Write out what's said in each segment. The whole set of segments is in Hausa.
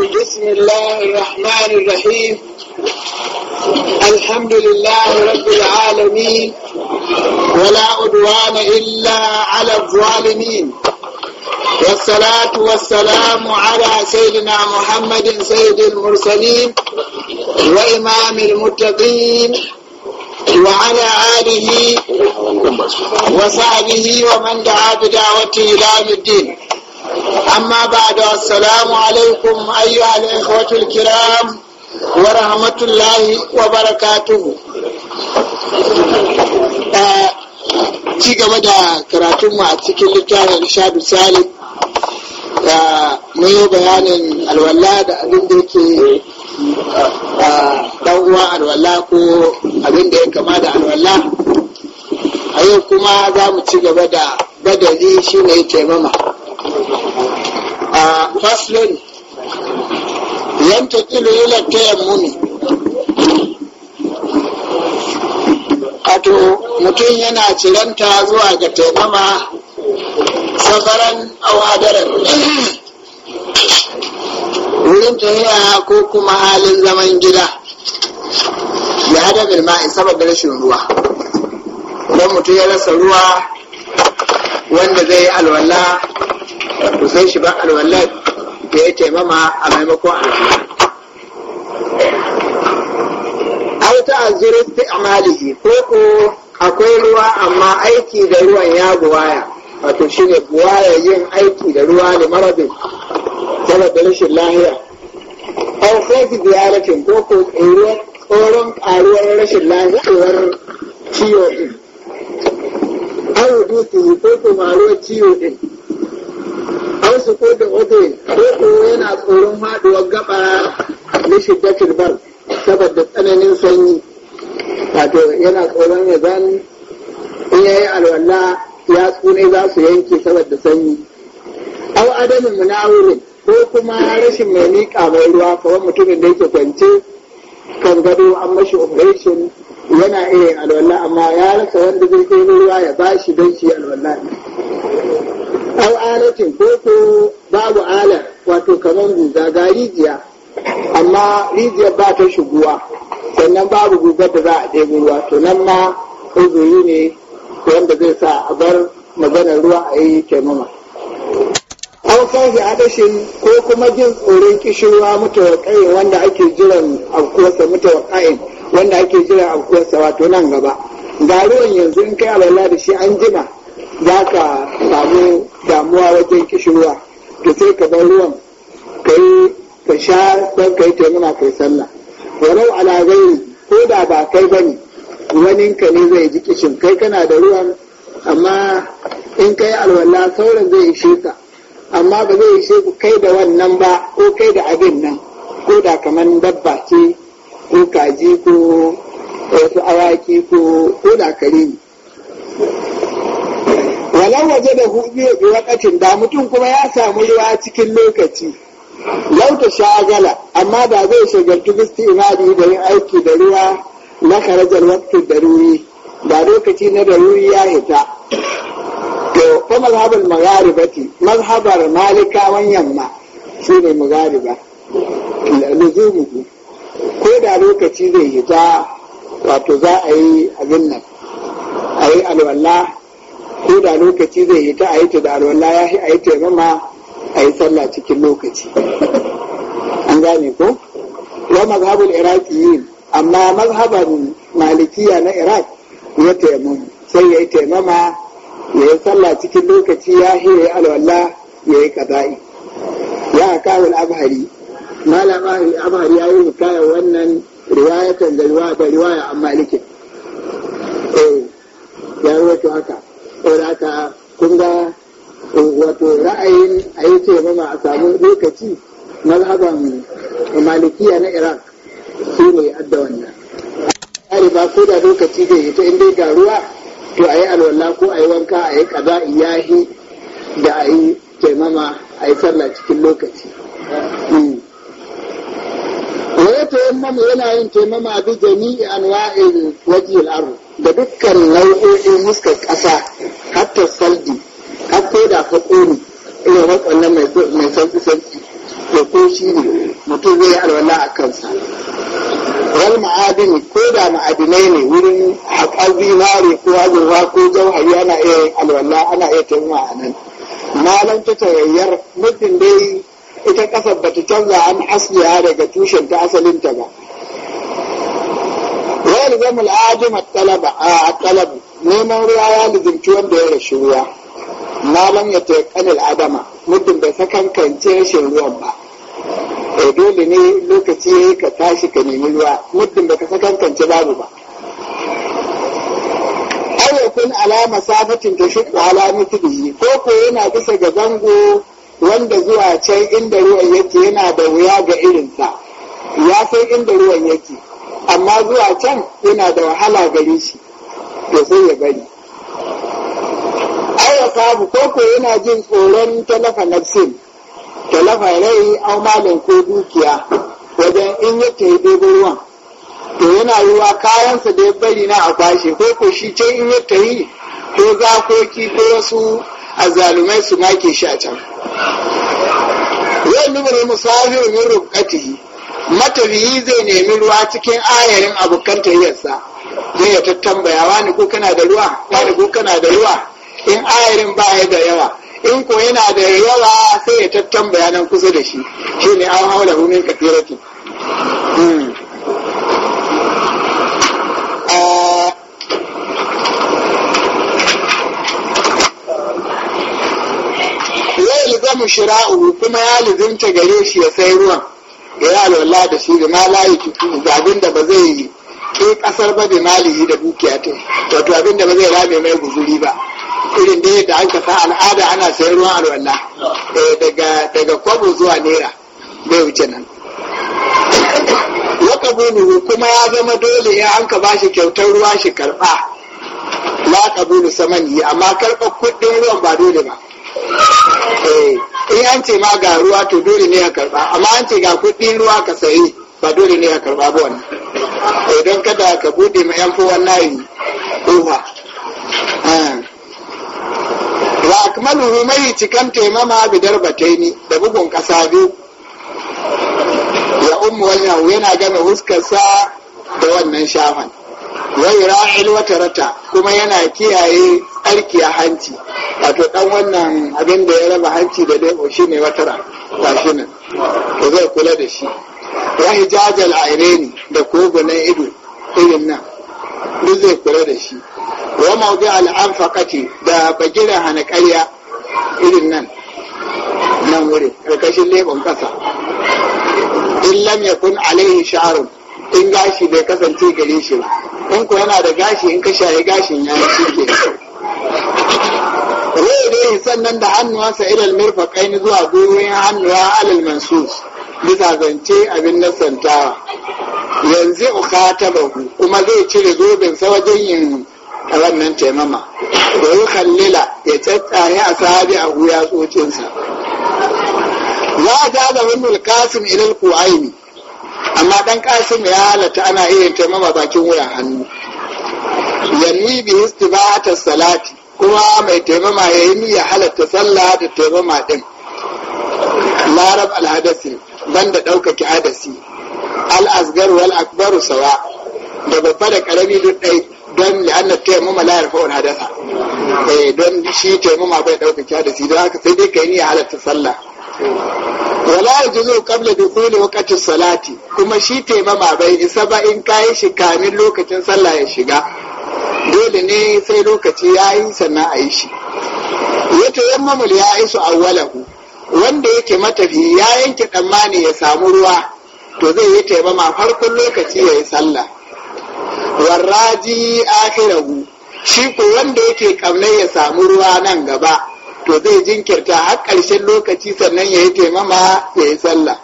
بسم الله الرحمن الرحيم الحمد لله رب العالمين ولا عدوان إلا على الظالمين والصلاة والسلام على سيدنا محمد سيد المرسلين وإمام المتقين وعلى آله وصحبه ومن دعا بدعوته إلى الدين أما بعد السلام عليكم أيها الإخوة الكرام ورحمة الله وبركاته ci gaba da karatunmu a cikin littafin shaɗu Salim? da mun yi bayanin alwala da abin da yake dan uwa alwala ko abin da ya kama da alwala a yau kuma za mu ci gaba da badali shine taimama faslun yantakilu ila tayammumi wato mutum yana ciranta zuwa ga taimama safaran daren. wurin tahiya ko kuma halin zaman gida ya hada bilma'i saboda rashin ruwa don mutum ya rasa ruwa wanda zai alwala ku sai shi ba da ya yi taimama a maimakon alwallar ai ta azuri amalihi ko ko akwai ruwa amma aiki da ruwan ya buwaya wato shi ne buwaya yin aiki da ruwa da marabin saboda rashin lahiya An sai ki ziyaratin ko ko tsoron karuwar rashin lahiyar ciwo din au yi ko ko maruwar ciwo din an ko da wata ko yana tsoron haɗuwar gaba na shiddatul bar saboda tsananin sanyi wato yana tsoron ya zan in yi alwala ya tsune za su yanke saboda sanyi au adamin munawurin ko kuma rashin mai miƙa mai ruwa kamar mutumin da yake kwance kan gado an mashi operation yana iya yin alwala amma ya rasa wanda zai kai ruwa ya bashi don shi alwala au alatin ko ko babu alar wato kamar guga ga rijiya amma rijiyar ba ta shiguwa sannan babu guga da za a ɗebo ruwa to nan ma uzuri ne wanda zai sa a bar maganar ruwa a yi taimama a fahi adashin ko kuma jin tsoron kishirwa mutawakai wanda ake jiran afkuwarsa wanda ake jiran afkuwarsa wato nan gaba ga ruwan yanzu in kai a da shi an jima damuwa wajen kishirwa to sai ka bar ruwan kai ka sha don kai yi muna kai sallah walau ala gairi ko da ba kai ba ne waninka ne zai ji kishin kai kana da ruwan amma in kai alwala sauran zai ishe ka amma ba zai ishe ku kai da wannan ba ko kai da abin nan ko da kamar dabba ce ko kaji ko wasu awaki ko ko da kare ne walau waje da hudu bi wakatin da mutum kuma ya samu ruwa cikin lokaci lauta shagala amma da zai shagaltu bisti imani da yin aiki da ruwa na karajar da daruri ba lokaci na ruri ya hita to fa mazhabar magharibati mazhabar malikawan yamma shi ne maghariba luzumuhu ko da lokaci zai hita wato za a yi abin nan a yi alwallah ko da lokaci zai yi ta a yi ta da alwala ya yi ayyuta ya taimama a yi sallah cikin lokaci an gane ko wa mazhabul yi amma mazhaban malikiya na iraq ya taimamu sai ya yi taimama ya yi sallah cikin lokaci ya yi alwala ya yi kaza'i ya kawul abhari malam abhari ya yi hikaya wannan riwayatan da riwaya a malikin eh, ya ya wato haka saboda haka kun ga wato ra'ayin a yi ce mama a samu lokaci mazhaban malikiya na iraq su ne adda wannan tsari ba ko da lokaci zai yi in inda ga ruwa to a yi alwala ko a yi wanka a yi kaza iyahi da a yi taimama a yi sallah cikin lokaci hmm. waya taimama yana yin taimama bi jami'i anwa'il wajil al'aru da dukkan nau'o'in muskar ƙasa hatta saldi har ko da ka kone irin wannan mai sauki sauki ko ko shi ne mutum zai yi alwala a kansa wal ma'adini ko da ma'adinai ne wurin haƙar zinare ko azurfa ko jauhari ana iya alwala ana iya taimaka a nan malam ta tarayyar mutum dai ita ƙasar bata canza an asliya daga tushen ta asalinta ba yalzamu al-ajim at talab neman ruwa ya lizimci wanda ya rashi ruwa malam ya taqanil adama muddin bai sakan kance rashin ruwan ba eh dole ne lokaci yayi ka tashi ka nemi ruwa muddin bai sakan kance babu ba aw yakun ala masafatin tashqu ala mithlihi ko ko yana bisa ga zango wanda zuwa can inda ruwan yake yana da wuya ga irinsa ya san inda ruwan yake amma zuwa can yana da wahala gare shi to sai ya bari ai ya koko yana jin tsoron talafa nafsin talafa rai au malin ko dukiya wajen in ya ta ɗebo ruwan to yana yiwa kayansa da ya bari na a kwashe koko shi ce in ya ta yi ko zakoki ko wasu azalumai su make shi a can yau nubar musafir min rubqatihi matafiyi zai nemi ruwa cikin ayarin abokan tayyarsa zai ya tattambaya wani ko kana da ruwa wani ko kana da ruwa in ayarin ba ya da yawa in ko yana da yawa sai ya tattambaya nan kusa da shi ne an haula hunin kafiratu hmm. zai lizamu shira'u kuma ya lizimta gare shi ya sai ruwan ya yi alwala da shi da malayi layi tutu da abin da ba zai yi ke kasar ba da malihi da dukiya ta wato abin da ba zai rame mai guzuri ba irin da yadda an kasa al'ada ana sayan ruwan alwala eh, daga kwabo zuwa naira bai wuce nan waka bulu kuma ya zama dole ya an ka bashi kyautar ruwa shi karba ka kabulu samani amma karɓar kuɗin ruwan ba dole ba eh. in an ce ma ga ruwa to dole ne a karba amma an ce ga kuɗin ruwa ka sayi ba dole ne a karba ba wannan idan eh, kada ka bude ma yan fowan yi kofa eh. wa akmaluhu mai cikan taimama bi darbataini da bugun kasa biyu ya ummu wannan yana gama huskarsa da wannan shafan wai ra'il wata rata kuma yana kiyaye tsarki a hanci wato dan wannan abin da ya raba hanci da dai shi ne watara shi nan to zai kula da shi wa hijajal aireni da kogunan ido irin nan duk zai kula da shi wa mawdi al anfaqati da bagira hana ƙarya irin nan nan wuri karkashin lebon kasa in lam yakun alaihi sha'arun in gashi bai kasance gare shi ba in ko yana da gashi in ka shaye gashin ya shi ke rai sannan da hannuwansa ilal mirfaqaini zuwa gurin hannuwa alal mansus bisa zance abin nasantawa yanzu ukatabahu kuma zai cire zobin sa wajen yin wannan taimama da yi kallila ya tsatsare a sahabi a guya tsocinsa za a ja da wani kasim ilal ku'aini amma dan kasim ya halatta ana iya taimama bakin wuyan hannu yanni bi istibata salati kuma mai taimama ya yi niyya halatta sallah da taimama din larab alhadasi banda ɗaukaki Adasi, al'asgar wal akbaru sawa da babba da ƙarami duk ɗai don la'anna taimama la yarfa wani hadasa eh, don shi taimama bai ɗaukaki Adasi, don haka sai dai ka yi niyya halatta sallah wala yajuzu qabla dukhuli waqti salati kuma shi taimama bai isa ba in kayi shi kamin lokacin sallah ya shiga dole ne sai lokaci ya yi sannan a yi shi yan mamul ya isu awwalahu wanda yake matafi ya yanke tsammani ya samu ruwa to zai yi taimama farkon lokaci ya yi sallah warraji akhirahu shi ko wanda yake kamne ya samu ruwa nan gaba to zai jinkirta har ƙarshen lokaci sannan ya yi taimama ya yi sallah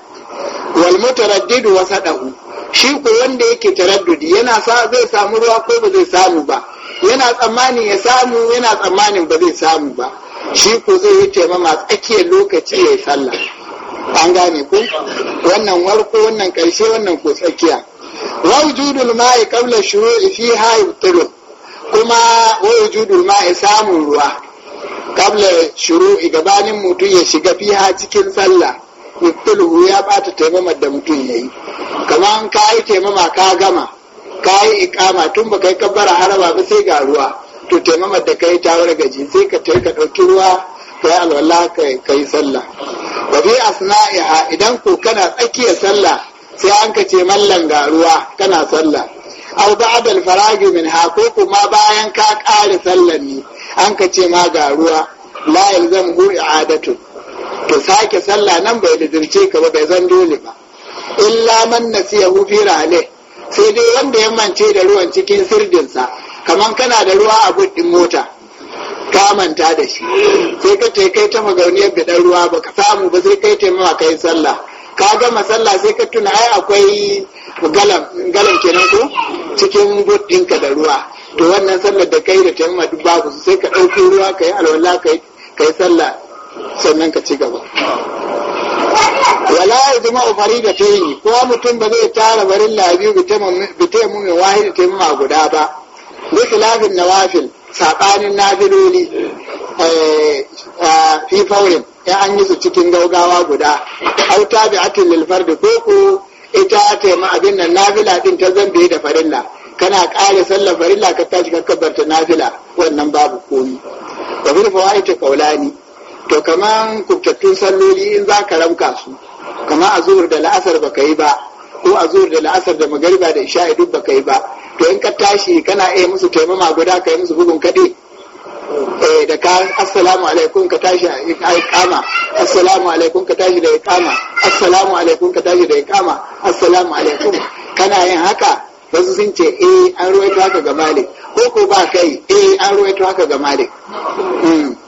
wal mutaraddidu wasadahu shi ko wanda yake taraddudi yana sa zai samu ruwa ko ba zai samu ba yana tsammanin ya samu yana tsammanin ba zai samu ba shi ko zai yi taimama tsakiyar lokaci ya yi sallah an gane ku wannan warko wannan karshe wannan ko tsakiya wa wujudul ma'i shuru shuru'i fiha yubtilu kuma wa wujudul ma'i samun ruwa kabla shuru gabanin mutum ya shiga fiha cikin sallah yubtiluhu ya bata taimamar da mutum ya yayi kamar ka yi taimama ka gama ka yi ikama tun ba kai kabbara haraba ba sai ga ruwa to taimamar da kai ta ji sai ka tai ka ɗauki ruwa ka yi alwala ka yi sallah a bi asna'iha idan ko kana tsakiyar sallah sai an ka ce mallan ga ruwa kana sallah au ba'da adal faragi min ha ko kuma bayan ka ƙare sallar ne an ka ce ma ga ruwa zan buɗe i'adatu to sake sallah nan bai lizirce ka ba bai zan dole ba illa man hu fi rahale sai dai wanda ya mance da ruwan cikin sirdinsa kaman kana da ruwa a buɗin mota ka manta da shi sai ka ta kai ta magauniyar dan ruwa ba ka samu ba sai kai taimawa kai sallah ka gama sallah sai ka tuna ai akwai galan kenan ko cikin buɗinka da ruwa to wannan sallar da kai da taimawa duk babu sai ka ɗauki ruwa ka yi alwala ka yi sallah sannan ka ci gaba wala da faridatayn ko mutum ba zai tara barin labiyu bitaymu min wahid ma guda ba na khilafin nawafil sabanin nafiloli eh, a fifaurin, ya an yi su cikin gaugawa guda auta bi atin lilfar da koko, ita ake ma abin nan nafila din ta zambe da farilla kana kare sallar farilla ka tashi ka kabbarta nafila wannan babu komi wa bil fawaiti kaulani. to kaman kubtattun salloli in za ka ramka su kama a zuhur da la'asar ba ka yi ba ko a zuhur da la'asar da magariba da isha'i duk ba ka yi ba to in ka tashi kana iya musu taimama guda ka yi musu bugun kaɗe eh da ka assalamu alaikum ka tashi da iqama assalamu alaikum ka tashi da iqama assalamu alaikum ka tashi da iqama assalamu alaikum kana yin haka wasu sun ce eh an ruwaito haka ga malik ko ko ba kai eh an ruwaito haka ga malik hmm.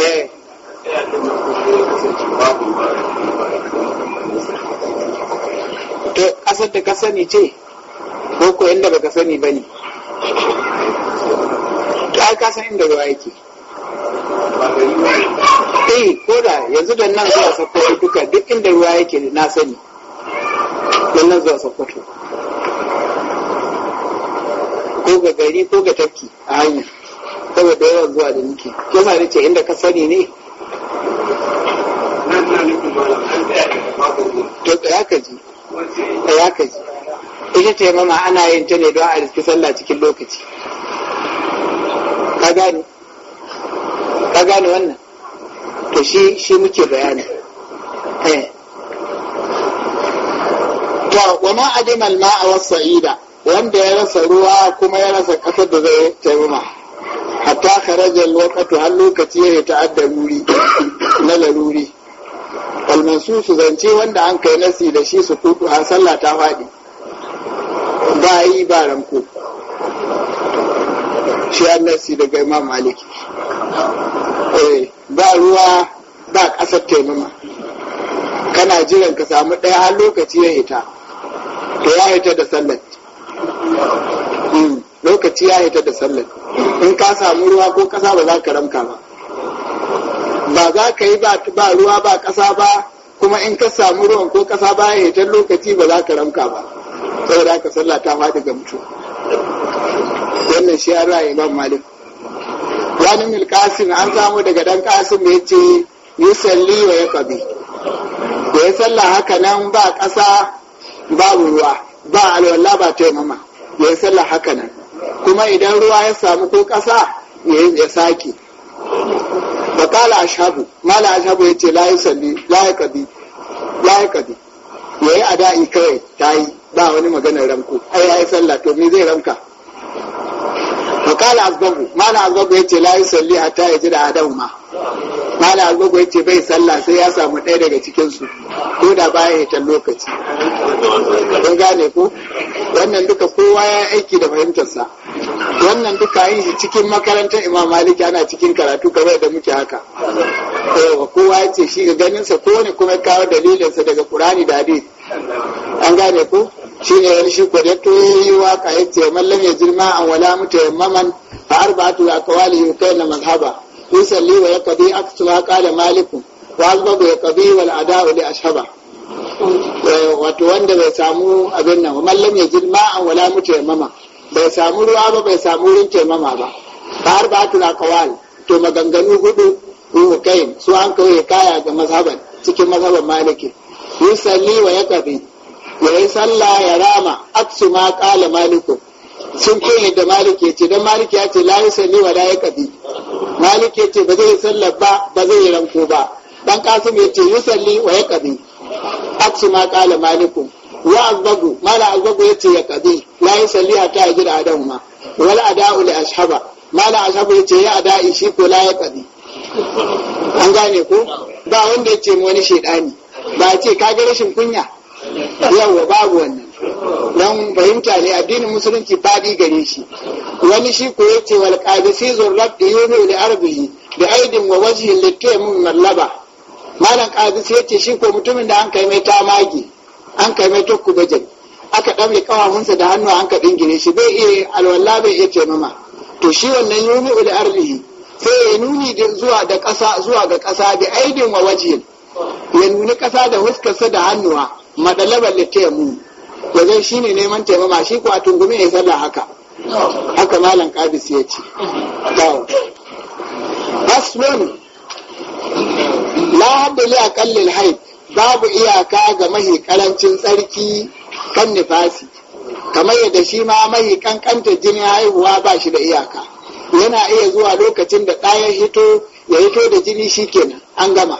ke to kasar da ka sani ce ko ko inda baka sani ba ne to ai ka san inda ruwa yake eh ko da yanzu da nan zuwa sokoto duka duk inda ruwa yake na sani da nan zuwa sokoto ko ga gari ko ga tafki a hanyar saboda yawan zuwa da nike ke ma ce inda ka sani ne to tsaya ka ji tsaya ka ji ita ce mama ana yin ta ne don a riski sallah cikin lokaci ka gane ka gane wannan to shi shi muke bayani Ta eh. to wa ma adima maa saida wanda ya rasa ruwa kuma ya rasa kasar da zai taimama hatta kharaja waqtu har lokaci ya ta'adda ruri na laruri almansu su zance wanda an kai nasi da shi su kudu har sallah ta faɗi ba yi ba ranko shi an nasi daga imam maliki eh, ba ruwa ba ƙasar taimama kana jiran ka samu ɗaya har lokaci ya hita to ya hita da sallah hmm, lokaci ya hita da sallah in ka samu ruwa ko ƙasa ba za ka ramka ba ba za ka yi ba ruwa ba ƙasa ba kuma in ka samu ruwan ko ƙasa ba ya yi lokaci ba za ka ramka ba saboda haka sallah ta faɗi ga mutu wannan shi an ra'ayi ban malik wani milkasin an samu daga dan kasim ya ce yusalli wa ya kabi da ya sallah haka nan ba ƙasa babu ruwa ba alwallah ba taimama da ya sallah haka nan kuma idan ruwa ya samu ko ƙasa ya sake da kala ashabu mala ashabu ya ce layi salli layi kabi layi kabi ya yi ada'i kawai ta yi ba wani maganar ramko ai ya yi sallah to me zai ramka da kala azbabu mala azbabu ya ce layi salli hatta ya ji da adam ma mala azbabu ya ce bai sallah sai ya samu ɗaya daga cikinsu ko da baya ya lokaci kun gane ku, wannan duka kowa ya aiki da fahimtarsa wannan duka yin cikin makarantar imam maliki ana cikin karatu kamar da muke haka kowa ya ce shi ga ganinsa kowane kuma kawo dalilinsa daga kur'ani da hadith an gane ku, shi ne wani shi kwadato ya yi waka ya ce mallam ya jirma an wala mutu maman a arba'atu kai na mazhaba yusalli wa yaqdi aqsa qala maliku wa ya yaqdi wal ada'u li ashaba Eh, wato wanda bai samu abin nan mallam ya jirma an wala mu taimama bai samu ruwa ba bai samu wurin taimama ba ba har ba ta kawal to maganganu hudu ruhu kai su an kawai kaya ga mazhaban cikin mazhaban maliki yusalli wa ya kafi ya yi sallah ya rama aksu ma kala maliku sun koyi da maliki ce don maliki ya ce yi wa ya kafi maliki ce ba zai yi sallah ba ba zai yi ranko ba dan kasim ya ce yusalli wa ya kafi a ma kala malikun wa azbagu mala azbagu yace ya kadi la yusalli hatta yajira adamu ma wal ada'u li ashaba mala ashaba yace ya ada'i shi ko la ya kadi an gane ko ba wanda yace mu wani shedani ba ce ga rashin kunya yawa babu wannan dan fahimta ne addinin musulunci fadi gare shi wani shi ko yace wal qadisi zurrat yumi li arbihi bi aidin wa wajhin littaymin mallaba malam ƙazis sai ce shi ko mutumin da an kai mai tamagi an kai mai tukku bajin aka ɗamle kawahunsa da hannu an ka ɗingire shi bai iya alwala bai iya taimama to shi wannan yuni ul arlihi sai ya nuni zuwa da ƙasa zuwa ga ƙasa da aidin wa waje ya nuni ƙasa da huskarsa da hannuwa madalabar da taimu ya zai shi ne neman taimama shi ko a tungume ya sallah haka haka malam ƙabis ya ce. Aslun la a li aqallil haid babu iyaka ga mahi karancin tsarki kan nifasi kamar yadda shi ma mahi kankanta jinin haihuwa ba shi da iyaka yana iya zuwa lokacin da ɗaya hito ya hito da jini shi kenan an gama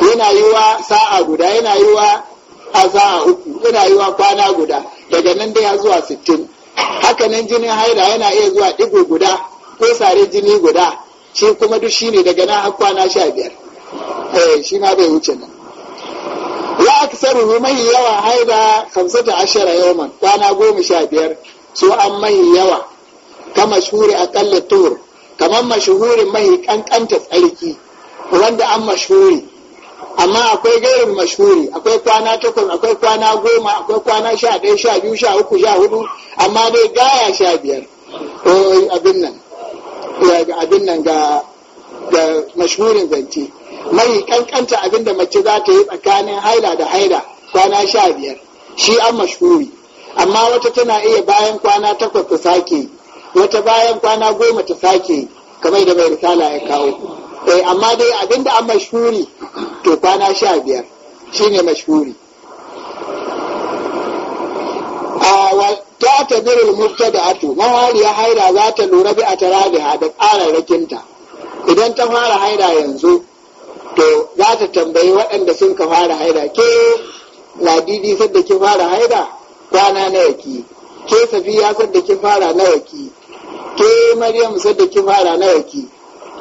yana yiwa sa'a guda yana yiwa a sa'a uku yana yiwa kwana guda daga nan dai ya zuwa sittin haka nan jinin haida yana iya zuwa ɗigo guda ko sare jini guda shi kuma duk shine daga nan har kwana sha biyar eh shi ma bai wuce nan wa aksaru mai yawa haida 15 yawman kwana goma sha biyar an mai yawa ta mashhuri akalla tur kamar mashhuri mai kankanta tsarki wanda an mashhuri amma akwai gairin mashhuri akwai kwana takwas akwai kwana goma akwai kwana sha ɗaya sha biyu sha uku sha hudu amma dai gaya sha biyar abin nan eh, abin nan ga mashhurin zance mai kankanta abin da mace za ta yi tsakanin haila da haila kwana sha biyar shi an mashuri amma wata tana iya bayan kwana takwas ta sake wata bayan kwana goma ta sake kamar da mai risala ya kawo eh amma dai abin da an mashuri to kwana sha biyar shi ne mashuri ta tabiru da Ato, mahariya haira za ta lura bi a tara da ƙararrakinta idan ta fara haira yanzu to za ta tambayi waɗanda sun ka fara haida ke ladidi sadda ki fara haida kwana na yaki ke safiya sadda ki fara na yaki ke maryam sadda ki fara na yaki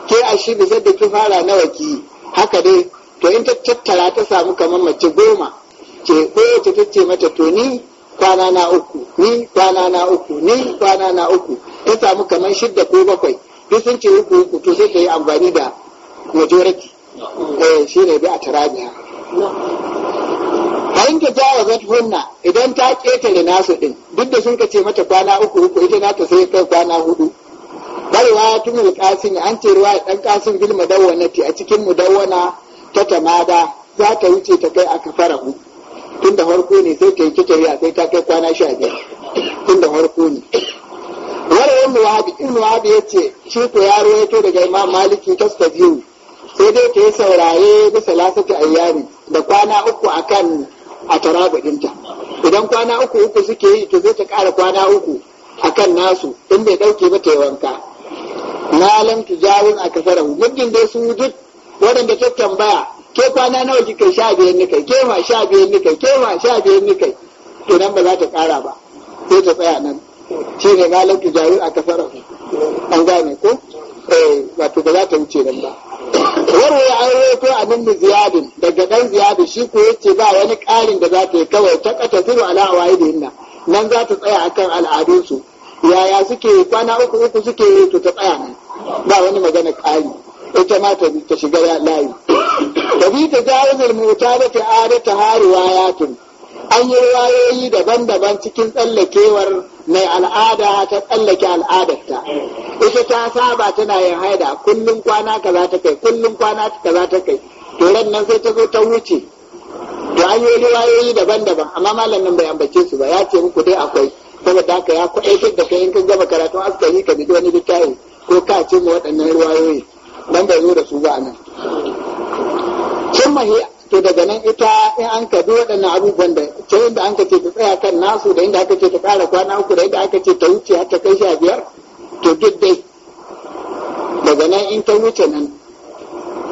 ke ashibi sadda ki fara na yaki haka dai to in ta tattara ta samu kamar mace goma ce kowace ta ce mata to ni kwana na uku ni kwana na uku ni kwana na uku ta samu kamar shidda ko bakwai duk sun ce uku uku to sai ta yi amfani da majority eh shi ne bi a turabiya in ta jawazat hunna idan ta ƙetare nasu ɗin, duk da sun ka ce mata kwana uku uku ita na ta sai kai kwana hudu barwa tun da kasin an ce ruwa ɗan kasin bil mudawwanati a cikin mudawwana ta tamada za ta wuce ta kai aka farahu tun da farko ne sai ta yi kitare sai ta kai kwana sha biyar tun da farko ne wani yan muwahabi in muwahabi ya ce shi ko yaro ya to daga imam maliki biyu. sai dai ta yi sauraye bisa lasata ayyari da kwana uku akan a tarabudinta idan kwana uku uku suke yi to zai ta ƙara kwana uku akan nasu in bai ɗauke ba ta yi wanka malam tujawin a kasar muddin dai su duk waɗanda ta tambaya ke kwana nawa kika sha biyar ni kai ke ma sha biyar ni kai ke ma sha biyar ni kai to nan ba za ta ƙara ba sai ta tsaya nan shi ne malam tujawin a kasar an gane ko eh wato ba za ta wuce nan ba warwa ya ko a min ziyadin daga ɗan ziyadin, shi ko yace ba wani ƙarin da za ta yi kawai ta kata zuru ala awaidihinna nan za ta tsaya akan al'adunsu yaya suke kwana uku uku suke yi to ta tsaya nan ba wani magana ƙari ita ma ta shiga layi tabi ta jawazul mutadati adata haruwayatun an yi riwayoyi daban-daban cikin tsallakewar mai al'ada ta tsallake al'adarta ita ta saba tana yin haida kullum kwana kaza ta kai kullum kwana kaza ta kai to ran nan sai ta zo ta wuce to an yi riwayoyi daban-daban amma malam nan bai ambace su ba ya ce muku dai akwai saboda haka ya kwaɗaitar da kai in ka gama karatun askari ka bi wani littafi ko ka ce mu waɗannan riwayoyi ban bai zo da su ba a nan. Sun mahi to daga nan ita in an kaɗi waɗannan abubuwan da inda an ce ta tsaya kan nasu da inda aka ce ta ƙara kwana uku da inda aka ce ta wuce har ta kai sha biyar to duk dai daga nan in ta wuce nan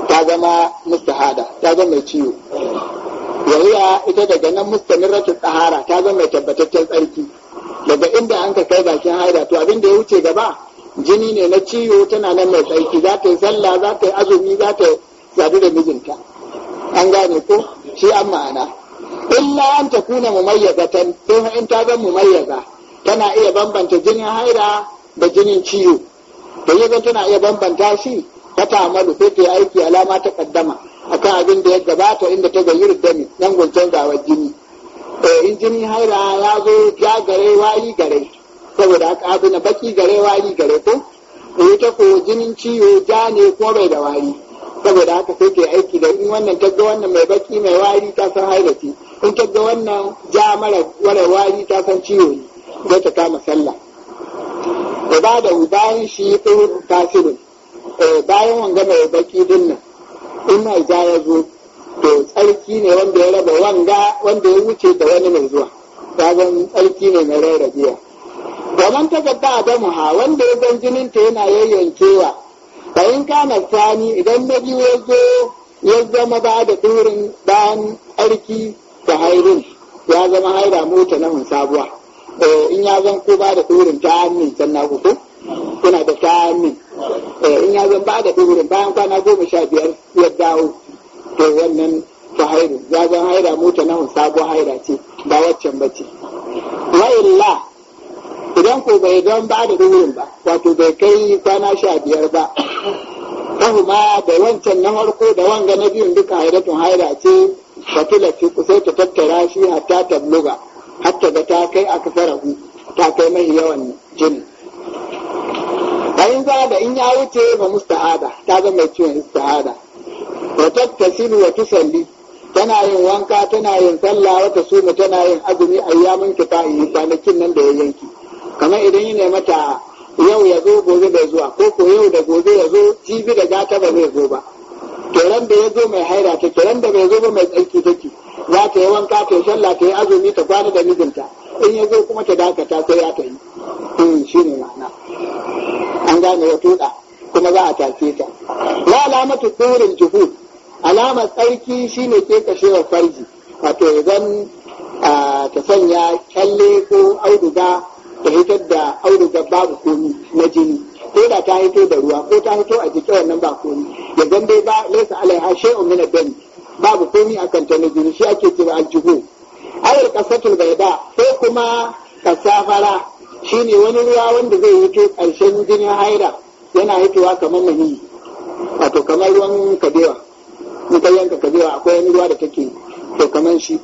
ta zama mustahada ta zama ciwo wariya ita daga nan mustamiratu tsahara ta zama mai tabbataccen tsarki daga inda an ka kai bakin haida to abin da ya wuce gaba jini ne na ciwo tana nan mai tsarki za ta yi sallah za ta yi azumi za ta sadu da mijinta an gane ko an ta kuna mumayyazatan sai in ta zan mumayyaza tana iya bambanta jinin haira da jinin ciwo da zan tana iya bambanta shi ta ta'amalu sai ta aiki alama ta kaddama akan abin da ya gabata inda ta gayyar dami nan guncen gawar jini eh, in jini haira ya zo ya gare wari gare saboda haka abu na baki gare wari gare ko eh, ta ko jinin ciwo ja ne ko bai da wari saboda haka sai ta aiki da in wannan ta ga wannan mai baki mai wari ta san haira ce in ka ga wannan ja mara wani wari ta san ciwo ne zai ta kama sallah ibadahu bayan shi ɗin tasirin eh, bayan wanga mai baki din nan in mai ja ya zo to tsarki ne wanda ya raba wanga wanda ya wuce da wani mai zuwa ta zan tsarki ne mai rarrabiya domin ta gaba adamu ha wanda ya zan jinin ta yana yayyankewa bayan kana sani idan na biyu ya zo ya zama ba da turin bayan tsarki da hairin ya zama haira mota na sabuwa eh, in ya zan ko ba da ɗorin ta hannun can ku ko kuna da ta hannun eh, in ya zan ba da ɗorin bayan kwana goma sha biyar ya dawo to wannan ta hairu ya zan haira mota na sabuwa haira ce ba waccan ba ce wa'illa idan ko bai don ba da ɗorin ba wato bai kai kwana sha biyar ba kahuma da wancan na harko da wanga na biyun duka hairatun haira ce fatila sai ta tattara shi hatta tabluga hatta da ta kai aka farahu ta kai mai yawan jini bayan za da in ya wuce ba musta'ada ta zama mai ciwon ista'ada wa tattasilu wa tusalli tana yin wanka tana yin sallah wata suma tana yin azumi ayyamin yi kwanakin nan da ya yanki kamar idan yi ne mata yau ya zo gobe bai zuwa ko ko yau da gobe ya zo jibi da gata ba zai zo ba kiran da ya zo mai haira ta kiran da bai zo ba mai tsarki take za ta yi wanka ta yi sallah ta yi azumi ta kwana da mijinta in ya zo kuma ta dakata sai ya ta yi hmm, shi ne ma'ana an gane ya tuɗa kuma za a tace ta la alamatu tsorin juhud alamar tsarki ne ke kashewar farji wato idan ta sanya kyalle ko auduga ta hitar da auduga babu komi na jini da ta hito da ruwa ko ta hito a jike wannan ba komi ya zan dai ba laisa alaiha shay'un min ad-dam babu komi akan ta na jini shi ake cewa aljuhu ayar kasatul bayda ko kuma kasafara shine wani ruwa wanda zai hito karshen jinin haira yana hitowa kamar mahi wato kamar ruwan kabewa in ka yanka kabewa akwai wani ruwa da take to kamar shi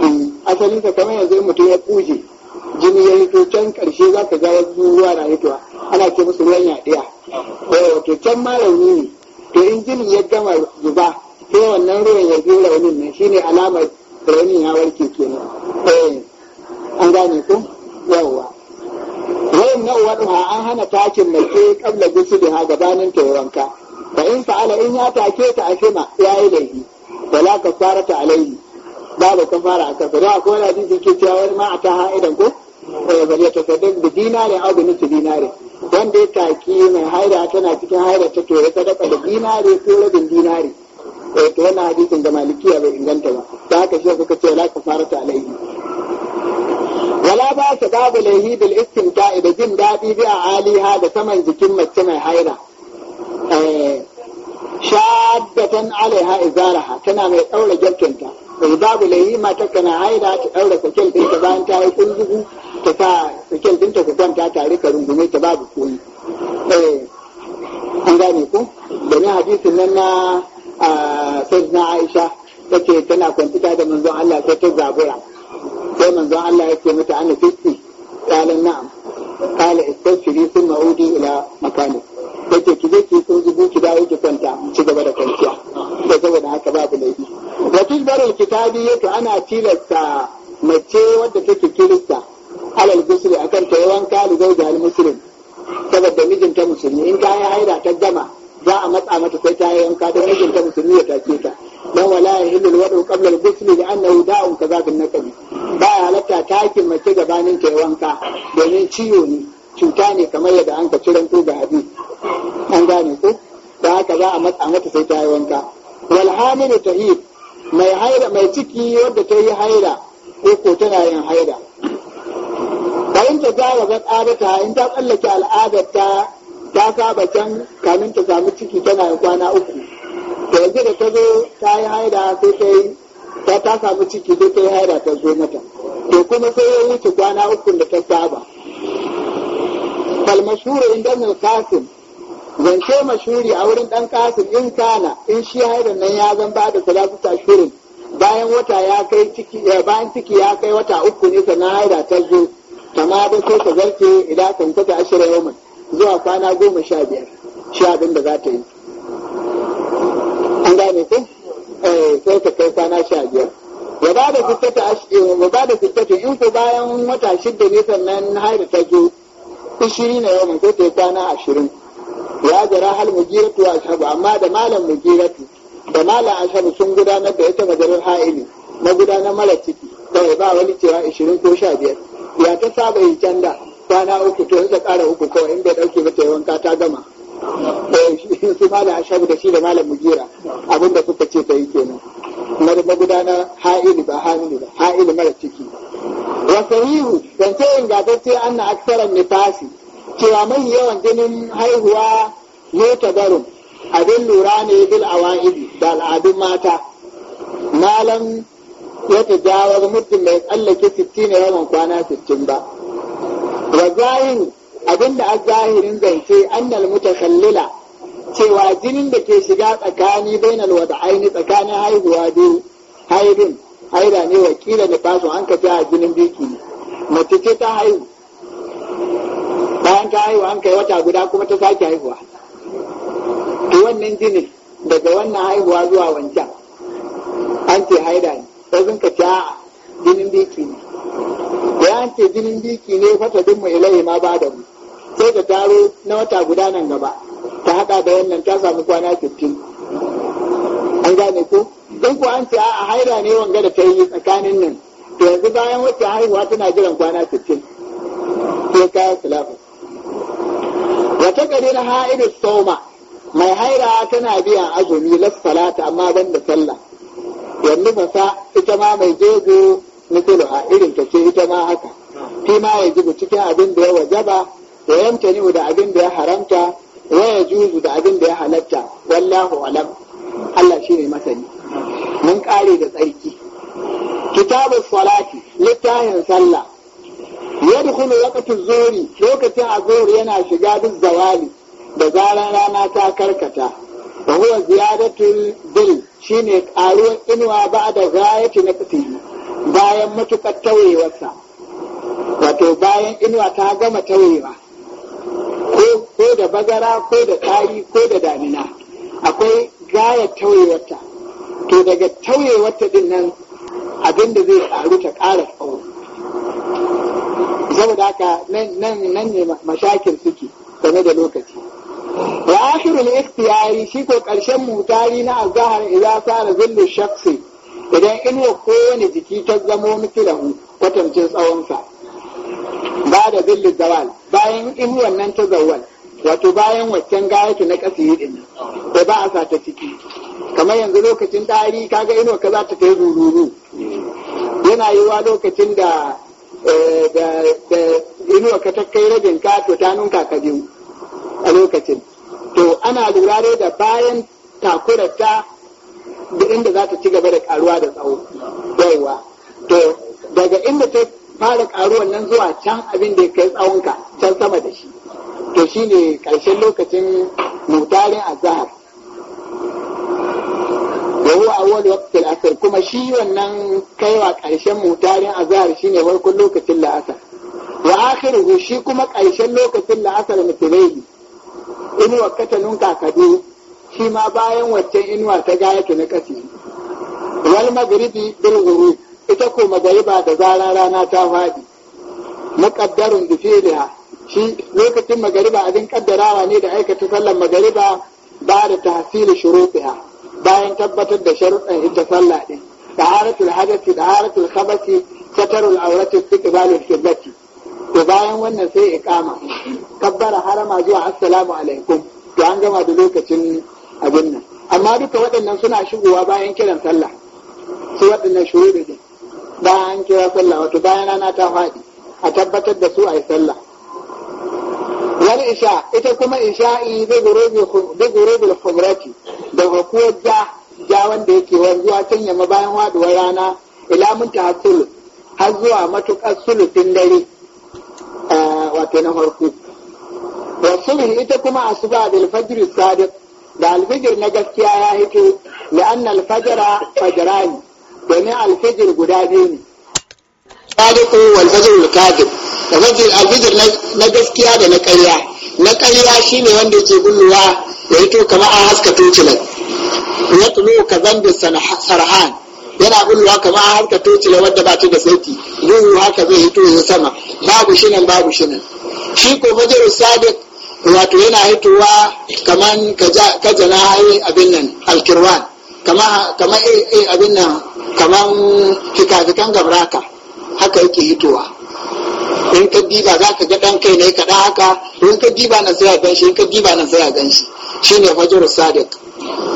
hmm, asalin ka kamar yanzu mutum ya kuje jini ya hito can karshe za ka ga wasu ruwa na hitowa ana ce musu ruwan yadiya. Eh, to can ma rauni ne to in jini ya gama zuba sai wannan ruwan ya biyo raunin Shi shine alamar raunin ya warke kenan eh, an gane ku yawwa wayan na uwa an hana takin ke kabla gusu da gabanin ta wanka fa in fa'ala in ya take ta asima yi laifi wala ta alaihi babu kafara a kafa. da akwai wani hadisi ke cewa wani ma a ta ha'idan ko eh, ba zai tasaddaq bi dinarin aw bi nisfi dinare wanda ya kaki mai haira tana cikin haira ta to ta sadaka da dinari ko rabin dinari. Eh, to yana hadisin da malikiya bai inganta ba da haka shi suka ce la kafara ta alaihi wala ba ta babu laihi bil istimta'i da jin daɗi bi a aliha da saman jikin mace mai haira eh, shaddatan alaiha izaraha tana mai daura gyarkinta eh, babu laihi mata kana haira ta ɗaura in ta bayan ta yi kunzugu ta sa cikin ɗinta ku kwanta tare ka rungume ta babu koyi eh, an gane ku ni hadisin nan na na aisha take tana kwantuta da manzon Allah sai ta zabura sai manzon Allah ya ce mata ana fiski kalan na'am kala istafiri sun ma'udi ila makani ce ki je ki sun zubu ki dawo ki kwanta ci gaba da kwanciya da saboda haka babu laifi wa barin kitabi yato ana tilasta mace wadda take kirista alal gusri akan ta yi wanka da zai jari musulun saboda mijinta musulmi in ta yi haira ta gama za a matsa mata sai ta yi wanka don mijinta musulmi ya take ta dan wala ya hillu wadu qabla al-ghusl da annahu da'un kaza bin nasabi ba ya halatta takin mace gabanin ta yi wanka domin ciwo ne cuta ne kamar yadda an ka ciran ko ga abi an gane ko da haka za a matsa mata sai ta yi wanka wal hamilu tahid mai haira mai ciki wadda ta yi haira ko ko tana yin haira bayan ta a ga tsabata in ta tsallake al'adar ta ta saba can kamin ta samu ciki tana da kwana uku to yanzu da ta zo ta yi haida sai ta yi ta ta samu ciki sai ta yi haida ta zo mata to kuma sai ya wuce kwana uku da ta saba falmashuru inda zan zance mashuri a wurin dan kasin in kana in shi haidan nan ya zan ba da salatu shirin bayan wata ya kai ciki eh, bayan ciki ya kai wata uku ne sannan haida ta zo amma dai sai ta zarce idan kan ta ta ashirin yau zuwa kwana goma sha biyar shi abin da za ta yi an gane ko eh, sai ta kai kwana sha biyar ya ba da fitata in ku bayan wata shidda ne sannan haida ta zo ishiri na yau ko ta kwana ashirin ya jira hal mujiratu a shabu amma da malam mujiratu da malam ashabu sun gudanar da ita majalar ha'ili na gudanar mara ciki kawai ba wani cewa ashirin ko sha biyar ya ta saba yi canda kwana uku to ta ƙara uku kawai in bai ɗauke ba ta yi wanka ta gama eh, su da ashabu da shi da malam mugira abin da suka ce ta yi kenan magudanar ha'ili ba ha'ili ba ha'ili mara ciki wa sahihu zance ingantacce anna aksaran nifasi cewa mai yawan jinin haihuwa ta barun abin lura ne bil awa'ili da al'adun mata malam ya jawar mutum bai tsallake sittin ne yawan kwana sittin ba wa zahin abinda a zahirin zance annal mutakallila cewa jinin da ke shiga tsakani bainal aini tsakanin haihuwa biyu haibin haida ne wakila da fasu an ka a jinin biki mace ce ta haihu bayan ta haihu an kai wata guda kuma ta sake haihuwa to wannan jinin daga wannan haihuwa zuwa wancan an ce haida ne sai ka ta jinin biki ne da ya ce jinin biki ne fata duk mu ilai ma ba da mu sai ta taro na wata guda nan gaba ta haɗa da wannan ta samu kwana 15 an gane ko don ko an ce a haira ne wanga da ta yi tsakanin nan to yanzu bayan wata haihuwa tana jiran kwana 15 sai kayan silafin wata gari na ha'idu soma mai haira tana biyan azumi las salata amma ban da sallah yanzu masa ita ma mai jego mithlu a irin ta ce ita ma haka fi ma ya jibu cikin abin da ya wajaba da ni da abin da ya haramta wa ya juzu da abin da ya halatta wallahu alam Allah shi ne masani mun kare da tsarki kitabu salati littafin sallah yadkhulu waqtu zuri lokacin azhur yana shiga duk zawali da zaran rana ta karkata wa huwa ziyadatul dil Shi ne ƙaruwar inuwa ba da ce na kusihi bayan matukar tawayewarsa wato bayan inuwa ta gama tawayewa ko da bazara ko da tsari ko da damina akwai gayar tawayewarta to daga tawayewarta din nan abin da zai ƙaru ta ƙara tsawo saboda haka nan ne mashakin suke game da lokaci ilmin ikhtiyari shi ko ƙarshen mutari na azahar idza sara zillu shakhsi idan inuwa kowane jiki ta zamo mithlahu kwatancin tsawonsa ba da zillu zawal bayan inuwan nan ta zawal wato bayan waccan gayatu na kasiyi din ko ba a sa ta ciki kamar yanzu lokacin dari kaga inuwa ka za ta kai dururu, yana yiwa lokacin eh, da da inuwa ka ta kai rabin ka to ta nunka ka biyu a lokacin to ana lura dai da bayan takura ta da inda za ta ci gaba da karuwa da tsawo to daga inda ta fara karuwan nan zuwa can abin da ya kai tsawonka can sama da shi to shi ne karshen lokacin mutarin azhar yawo a wani wakil asr kuma shi wannan kaiwa karshen mutarin shi shine farkon lokacin la'asar wa akhiruhu shi kuma karshen lokacin la'asar mutane. inuwa katalin kakadu shi ma bayan waccan inuwa ta gaya ki na kasi wal magribi bil ita ko magariba da zara rana ta fadi muqaddarun bi fi'liha shi lokacin magariba abin kaddarawa ne da aikata sallar magariba ba da tahsil shurutiha bayan tabbatar da sharuɗan ita sallah din taharatul hadathi haratul khabasi satarul awrati istiqbalul qiblati to bayan wannan sai kama kabbara harama zuwa assalamu alaikum to an gama da lokacin abin nan amma duka waɗannan suna shigowa bayan kiran sallah su waɗannan shuru da bayan kira sallah wato bayan rana ta faɗi a tabbatar da su a yi sallah wal isha ita kuma isha'i zai gurubil khumrati da hukumar ja ja wanda yake wanzuwa can yamma bayan waɗuwar rana ila mun ta har zuwa matuƙar sulufin dare wato na farko wa ita kuma asuba bil fajr sadiq da alfijir na gaskiya ya hito la'anna alfajara fajrani domin alfijir guda biyu ne sadiqu wal fajr kadib da fajr alfijir na gaskiya da na ƙarya na ƙarya shine wanda yake gulluwa ya hito kamar an haska tocilan ya tulo ka zambi sarhan yana gudu kamar an harka tocila wadda ba ta da saiti duhu haka zai hito ya sama babu shinan babu shinan shi ko majalis sadiq wato yana hitowa kaman kajana haye abin nan alkirwan kama a eh, eh, abin nan kaman fikafikan gabraka haka yake hitowa in ka diba za ka ga dan kai ne kaɗan haka in ka diba na sai a gan shi in ka diba na sai a gan shi shine fajar sadiq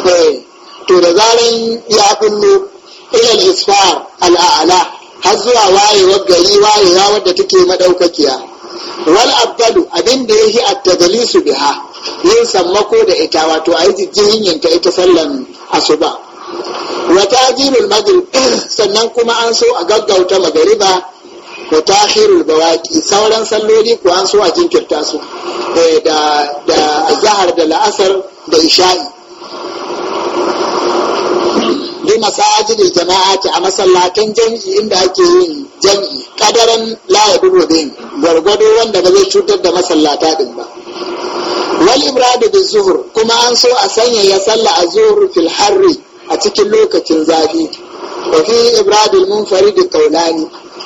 eh, to da zaran ya kullu ilal isfar al'ala, har zuwa wayewar gari wayewa wadda take madaukakiya wal abdalu abin da yahi at-tadlisu biha yin sammako da ita wato ayi jijjin ta ita sallan asuba wa tajirul maghrib sannan kuma an so a gaggauta magariba wa tahirul bawaqi sauran salloli ko an so a jinkirta su eh, da da azhar da la'asar da isha'i masajidi jama'ati a masallatan jam'i inda ake yin jam'i kadaran la yadubu din gargado wanda ba zai cutar da masallata din ba wal ibradu bi zuhur kuma an so a sanya ya salla a zuhur fil harri a cikin lokacin zafi wa fi ibradul munfarid kaulani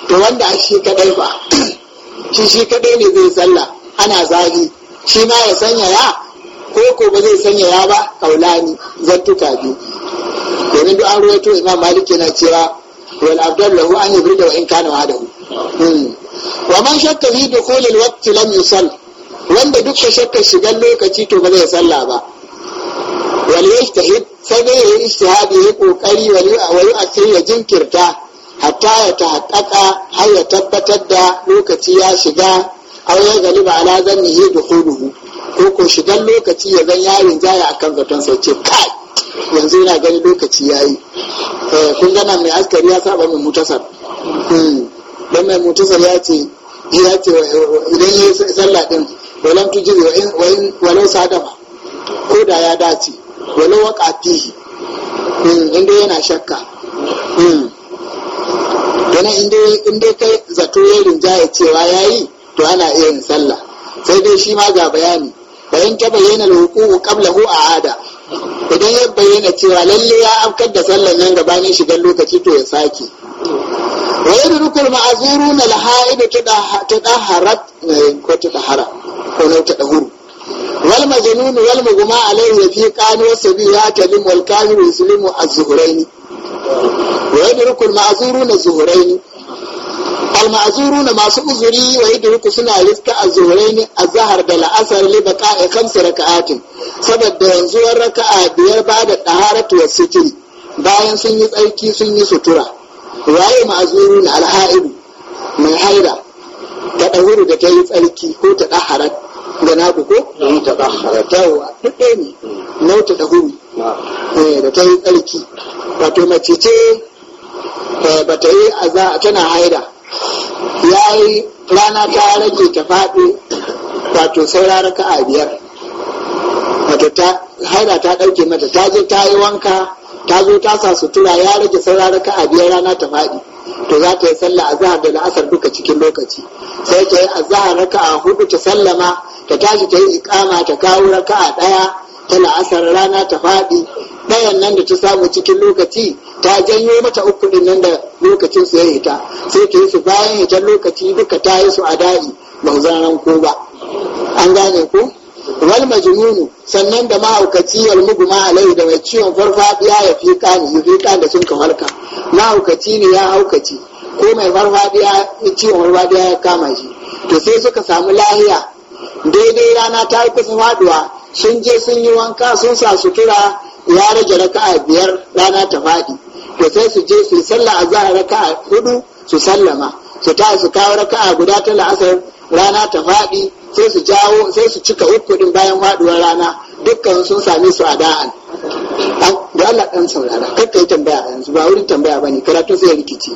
to wanda shi kadai ba shi shi kadai ne zai salla ana zafi shi ma ya sanya ya ko ko ba zai sanya ya ba kaulani zantuka biyu domin duk an ruwaito imam malik yana cewa wal abdal lahu an yubrida wa in kana wahdahu hmm. wa man shakka fi dukhul al waqt lam yusall wanda duk shakka shigan lokaci to ba zai salla ba wal yajtahid sai dai yayi ya ya kokari wal yu'assir ya jinkirta hatta ya tahaqqaqa har ya tabbatar da lokaci ya shiga aw ya galiba ala yi dukhuluhu ko ko shigan lokaci ya zan yarin jaya akan zaton sai ce kai yanzu yana gani lokaci ya yi eh, kun gana mai askari ya saba mai mutasar hmm. don mai mutasar ya ce ya ce idan ya yi sallah din walam tujir walau sadama ko da ya dace walau waka fihi hmm, inda yana shakka ganin hmm. inda kai zato ya rinjaye cewa ya yi to ana iya yin sallah sai dai shi ma ga bayani bayan ta bayyana hukuku hu a ada idan ya bayyana cewa lalle ya afkar da sallar nan gabanin shigar lokaci to ya sake wa yadda rukul ma'azuru na laha'idu ta ɗahara eh, ko ta ɗahara ko na ta ɗahuru wal majnun wal mugma alaihi ya fi kanu wasu bi ya talim wal kahiru yuslimu az-zuhraini wa yadda rukul ma'azuru na zuhraini al-ma'zuruna masu uzuri wa yadruku suna riska a zahar da la'asar li baqa'i khamsi raka'atin saboda yanzuwar raka'a biyar ba da taharatu wa bayan sun yi tsarki sun yi sutura waye ma'zuruna al mai haida ta dahuru da ta yi tsarki ko ta daharat da na ko ta daharat yawa duk ɗaya ne nauta dahuru da ta yi tsarki wato mace ce ba ta yi tana haida ya yi rana ta rage ta faɗi wato rana ka a biyar wato ta haida ta ɗauke mata ta je ta yi wanka ta zo ta sa sutura ya rage saura ka a biyar rana ta faɗi to za ta yi sallah a zahar da la'asar duka cikin lokaci sai ta yi a zahar raka a hudu ta sallama ta tashi ta yi ikama ta kawo raka a ɗaya ta la'asar rana ta faɗi ɗayan nan da ta samu cikin lokaci ta janyo mata uku ɗin nan da lokacin su ya hita sai ta yi su bayan hitar lokaci duka ta yi su a da'i ba zan ko ba an gane ko wal majnunu sannan da mahaukaci wal muguma alai da mai ciwon farfadiya ya fi kani ya fi kani da sun kamalka mahaukaci ne ya haukaci ko mai farfadiya ciwon farfadiya ya kama shi to sai suka samu lahiya daidai rana ta yi kusa faduwa sun je sun yi wanka sun sa sutura ya rage raka'a biyar rana ta faɗi to sai su je su sallah a zahar a hudu su sallama su ta su kawo raka'a guda ta la'asar rana ta faɗi sai su jawo sai su cika uku din bayan faɗuwar rana dukkan sun sami su a da'an da Allah ɗan saurara kakka yi tambaya yanzu ba wurin tambaya ba ne karatu sai rikici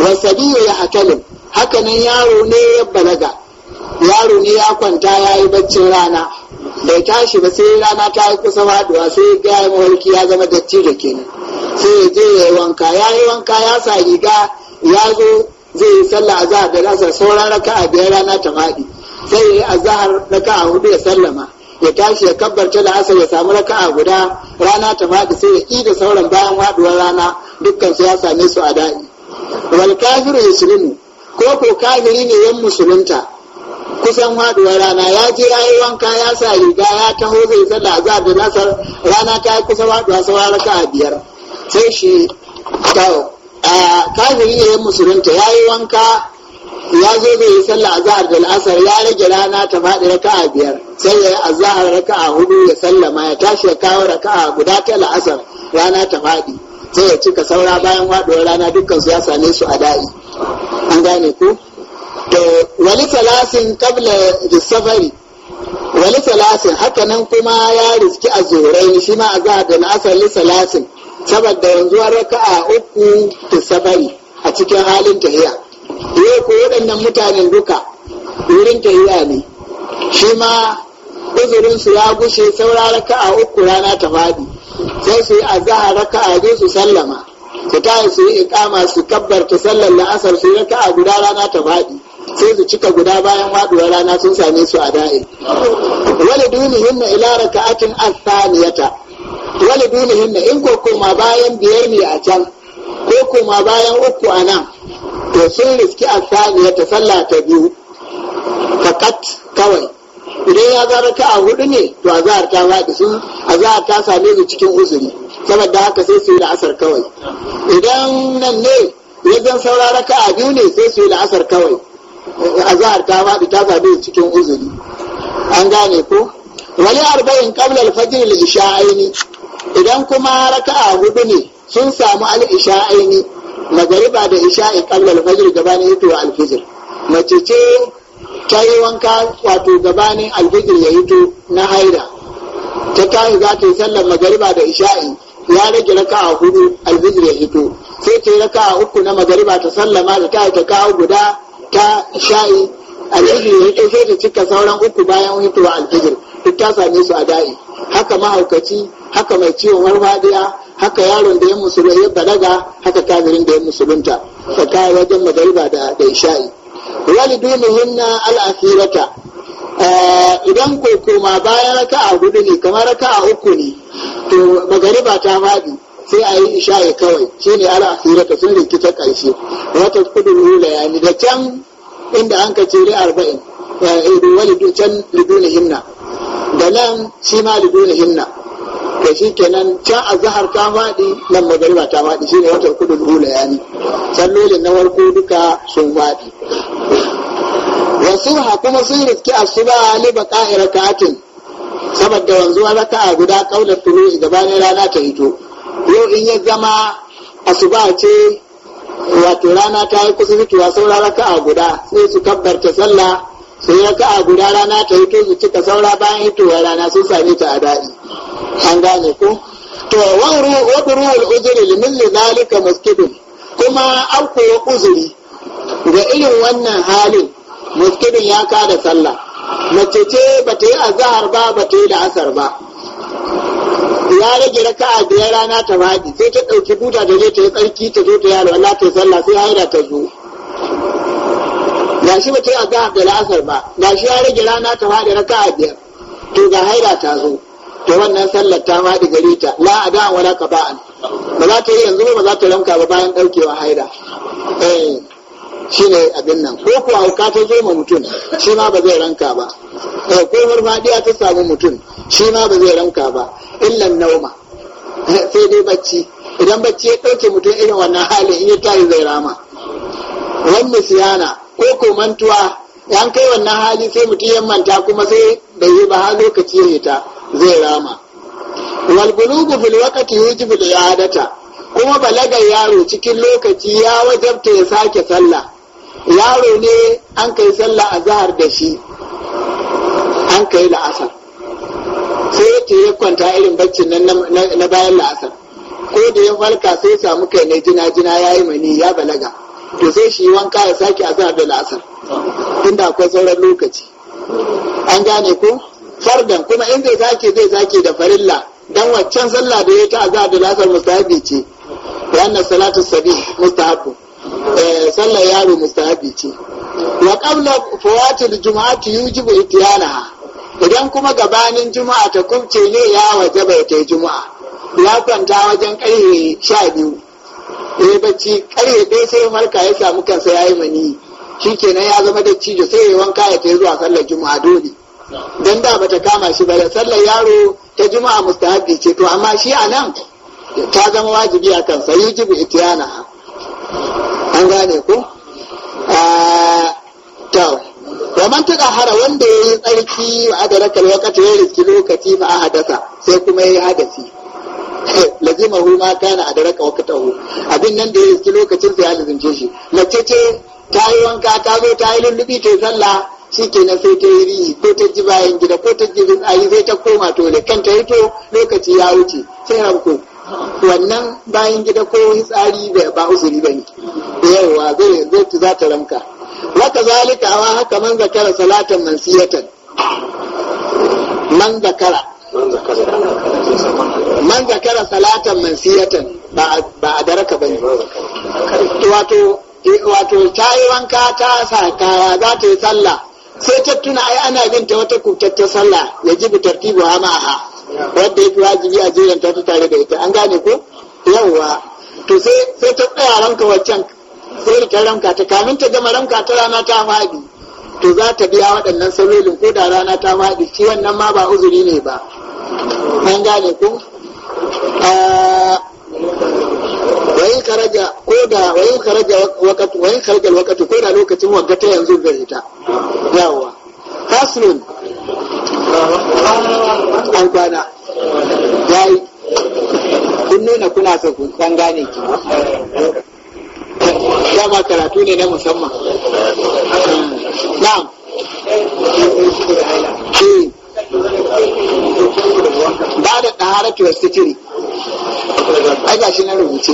wasabiyu ya hakalin hakanan yaro ne ya balaga yaro ne ya kwanta ya yi baccin rana bai tashi ba sai rana ta yi kusa faduwa sai ga ya mawarki ya zama datti da kenan sai ya je ya yi wanka ya yi wanka ya sa riga ya zo zai yi sallah zahar da nasa sauran raka'a biyar rana ta maɗi, sai ya yi a azahar raka'a hudu ya sallama ya tashi ya kabbarta da asar ya samu raka'a guda rana ta maɗi sai ya ƙi sauran bayan faduwar rana dukkan su ya same su a daɗi wal kafiru yuslimu ko ko kafiri ne yan musulunta kusan faduwar rana ya je ya yi wanka ya sa riga ya taho zai sallah azhar da nasar rana ta yi kusa faduwa sawa raka biyar sai shi kawo kafiri ne ya musulunta ya yi wanka ya zo zai yi sallah azhar da al'asar ya rage rana ta faɗi a biyar sai ya yi azhar a hudu ya sallama ya tashi ya kawo raka'a guda ta la'asar rana ta faɗi sai ya cika saura bayan faɗuwar rana dukkan su ya same su a da'i an gane ku wani talatin kabla da safari wani talatin haka nan kuma ya riski a zorai shi ma a zaɓe na asali talatin saboda yanzuwar raka'a uku da safari a cikin halin tahiya yau ko waɗannan mutanen duka wurin tahiya ne shi ma uzurinsu ya gushe saura raka'a uku rana ta faɗi sai su yi a raka raka'a biyu su sallama su tashi su yi ikama su kabbarta sallar la'asar su raka'a guda rana ta faɗi sai su cika guda bayan waduwa rana sun same su a da'in wani dunihin na ila raka'atin asaniyata wani duni na in ko koma bayan biyar ne a can ko koma bayan uku a nan to sun riski asaniyata sallah ta biyu fakat kawai idan ya zara ka a hudu ne to azahar ta faɗi sun azahar ta same su cikin uzuri saboda haka sai su yi la'asar kawai idan nan ne yadda zan saura raka a biyu ne sai su yi la'asar kawai azahar ta faɗi ta faɗi cikin uzuri an gane ko wani arba'in qabla al-fajr aini idan kuma raka'a hudu ne sun samu al aini magariba da isha'i qabla al-fajr gabanin hito a fajr mace ce ta yi wanka wato gabanin al ya ya hito na Haida. ta tahi za ta yi sallar magariba da isha'i ya rage raka'a hudu al ya ya hito sai ta yi raka'a uku na magariba ta sallama da ta yi ta kawo guda ta sha'i alhijir ya ɗauke ta cika sauran uku bayan hitowa alhijir duk ta same su a da'i haka mahaukaci haka mai ciwon warwadiya haka yaron da ya musulun ya balaga haka kafirin da ya musulunta ta wajen magariba da da isha'i walidu muhinna al'afirata eh, idan ko koma bayan raka'a hudu ne kamar raka'a uku ne to magariba ta faɗi sai a yi isha'i kawai shi ne al'afira ta sun rikita ƙarshe wata kudu da ni da can inda an ka ce arba'in wani can liduna himna da nan shi ma liduna himna da shi kenan can azahar ta faɗi nan magariba ta maɗi shi ne wata kudu da ni. sallolin na warko duka sun waɗi. wasu kuma sun riski asuba li baqa'i raka'atin saboda wanzuwa raka'a guda kaular tulu gabanin rana ta hito yau in ya zama asuba ce wato rana ta yi kusa fitowa saura a guda sai su kabbarta sallah su yi a guda rana ta yi su cika saura bayan hitowar rana sun sami ta a daɗi an gane ko to wadda ruwan uzuri limin lalika muskidin kuma an koya uzuri ga irin wannan halin muskidin ya kada sallah mace ce ba ta yi azahar ba ba ta yi da asar ba ya rage raka'a biyar rana ta faɗi sai ta ɗauki buta da je ta yi tsarki ta zo ta yaro Allah ta yi sallah sai haira ta zo shi ba ta yi azahar da la'asar ba shi ya rage rana ta faɗi raka'a biyar to ga haira ta zo to wannan sallar ta faɗi gari ta la wani wala ba'an. ba za ta yi yanzu ba za ta lamka ba bayan ɗaukewa haira eh. shi ne abin nan ko kuwa hauka ta zo ma mutum shi ma ba zai ranka ba ko farfadiya ta samu mutum shi ma ba zai ranka ba illan nauma sai dai bacci idan bacci ya ɗauke mutum irin wannan hali, in ya tayi zai rama wannan siyana ko ko mantuwa yan kai wannan hali sai mutum ya manta kuma sai bai yi ba har lokaci ya yi ta, zai rama wal bulugu fil da ya kuma balagar yaro cikin lokaci ya wajabta ya sake sallah yaro ne an kai sallah a zahar da shi an kai la'asar sai ya ya kwanta irin baccin nan na bayan la'asar ko da ya falka sai samu kai na jina jina ya yi mani ya balaga to sai shi wanka ya sake a zahar da la'asar inda akwai sauran lokaci an gane ko fardan kuma in zai sake zai sake da farilla dan waccan sallah da ya ta azhar da la'asar mustahabi ce wannan salatu sabi mustahabu Eh, sallar yaro mustahabi ce wa qabla fawatil jumu'ati yujibu idan kuma gabanin juma'a ta kumce ne ya wajaba ta yi juma'a ya kwanta wajen karye sha biyu ya bacci karye ɗaya sai marka ya samu kansa ya yi mani shikenan ya zama da cijo sai ya wanka ya ta zuwa sallar juma'a dole dan da bata kama shi ba sallar yaro ta juma'a mustahabi ce to amma shi anan? ta zama wajibi a kansa yujibu itiyanaha an gane ku? Ah, to wa man hara wanda yayi tsarki wa adaraka lokaci ya riski lokaci fa hadasa, sai kuma yayi hadasi lazimahu ma kana adaraka waqtahu abin nan da ya riski lokacin sai ya lazimce shi mace ce ta yi wanka ta zo ta yi lullubi ta sallah shi na sai ta yi rihi ko ta ji bayan gida ko ta ji fitsari sai ta koma tole kan ta to lokaci ya wuce sai rabko wannan bayan gida ko tsari ba usuri ba ne da yawa zai za ta ramka waka zalika wa haka man zakara salatan siyatan man zakara man zakara salatan siyatan ba a daraka ba ne wato ta yi wanka ta sa kaya za ta yi sallah sai ta tuna ai ana binta wata kubtattar sallah ya ji bi tartibu ha ma'aha wadda ya fi wajibi a jiran ta tare da ita an gane ko yawwa to sai sai ta tsaya ranka waccan sai ta ranka ta kamin ta gama ranka ta rana ta faɗi to za ta biya waɗannan salolin ko da rana ta faɗi shi wannan ma ba uzuri ne ba an gane ko wayin karaja ko da wayin karaja wakati wayin karaja wakati ko da lokacin wagga ta yanzu gare ta Yawwa. faslun an kwana ya yi kun nuna kuna so ku san gane ki ma karatu ne na musamman na'am eh. ba da ɗaharatu wa sitiri ai ga shi na rubuce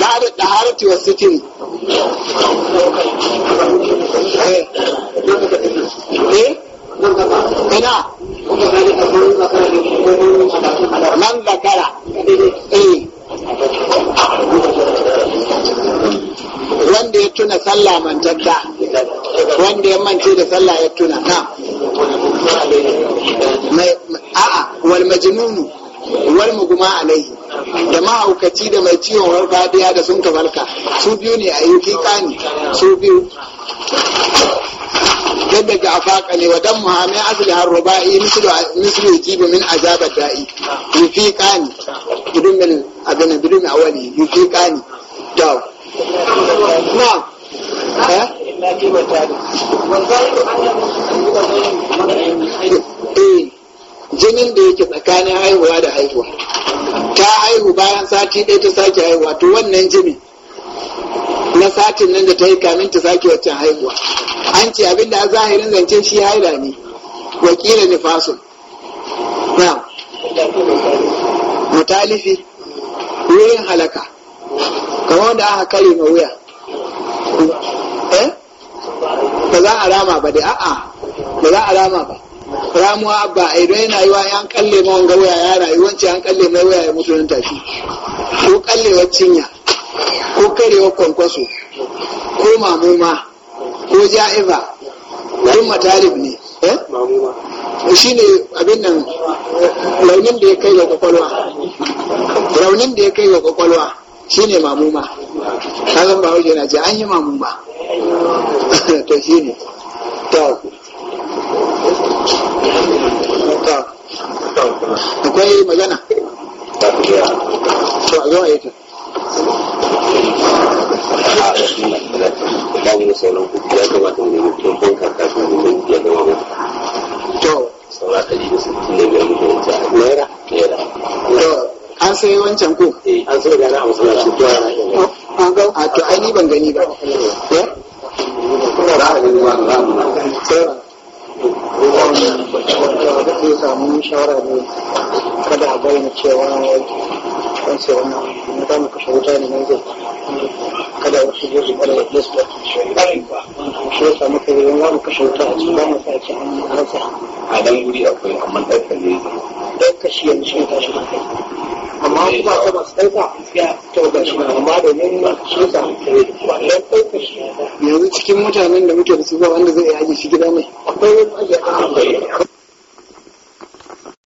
ba da ɗaharatu wasu sitiri da sallah ya tuna na a'a wal majnunu wal muguma alai da mahaukaci da mai ciwon warfadiya da sun kabarka su biyu ne a yuki kani su biyu yadda ga afaka ne wa dan muhammin asali har ruba'i mislu jibi min azabar da'i yuki kani bidun min abin bidun awali yuki kani da na eh E, jinin da yake tsakanin haihuwa da haihuwa ta haihu bayan sati ɗaya ta sake haihuwa to wannan jini na satin nan da ta yi kamin ta sake waccan haihuwa an ce abin da zahirin zancen shi haida ne wakila nifasun na mutalifi wurin halaka kamar da aka kare ma wuya eh ba za a rama ba dai a'a ba za a rama ba ramuwa abba a idan yana yi wa yan kalle ma wanga waya ya rayu wance yan kalle mai waya ya mutu nan tafi ko kallewa cinya ko karewa kwankwaso ko mamuma ko ja'iba ko matalib ne eh? shi ne abin nan raunin da ya kai ga kwakwalwa raunin da ya kai ga kwakwalwa shi ne mamuma kazan ba wajen ce an yi mamuma to shi ne ta magana to ya kamata wancan a eh, an sai da na da shi. an ga a to ai ni ban gani ba zai samu shawara ne kada a bayyana cewa kan sai wannan na za mu kashe wuta ne nan zai kada wasu zo su kwada wasu su ɗauki shi shi ya samu kai yawan wani kashe wuta a cikin wani sa ce an rasa a dan guri akwai amma ɗaukar ne ɗaukar shi yanzu shi tashi da kai amma wasu ba ta masu ɗauka ya tauka shi amma domin ma shi ya samu kai wannan ɗaukar shi yanzu cikin mutanen da muke da su ba wanda zai yi haji shi gida mai. akwai wani ajiye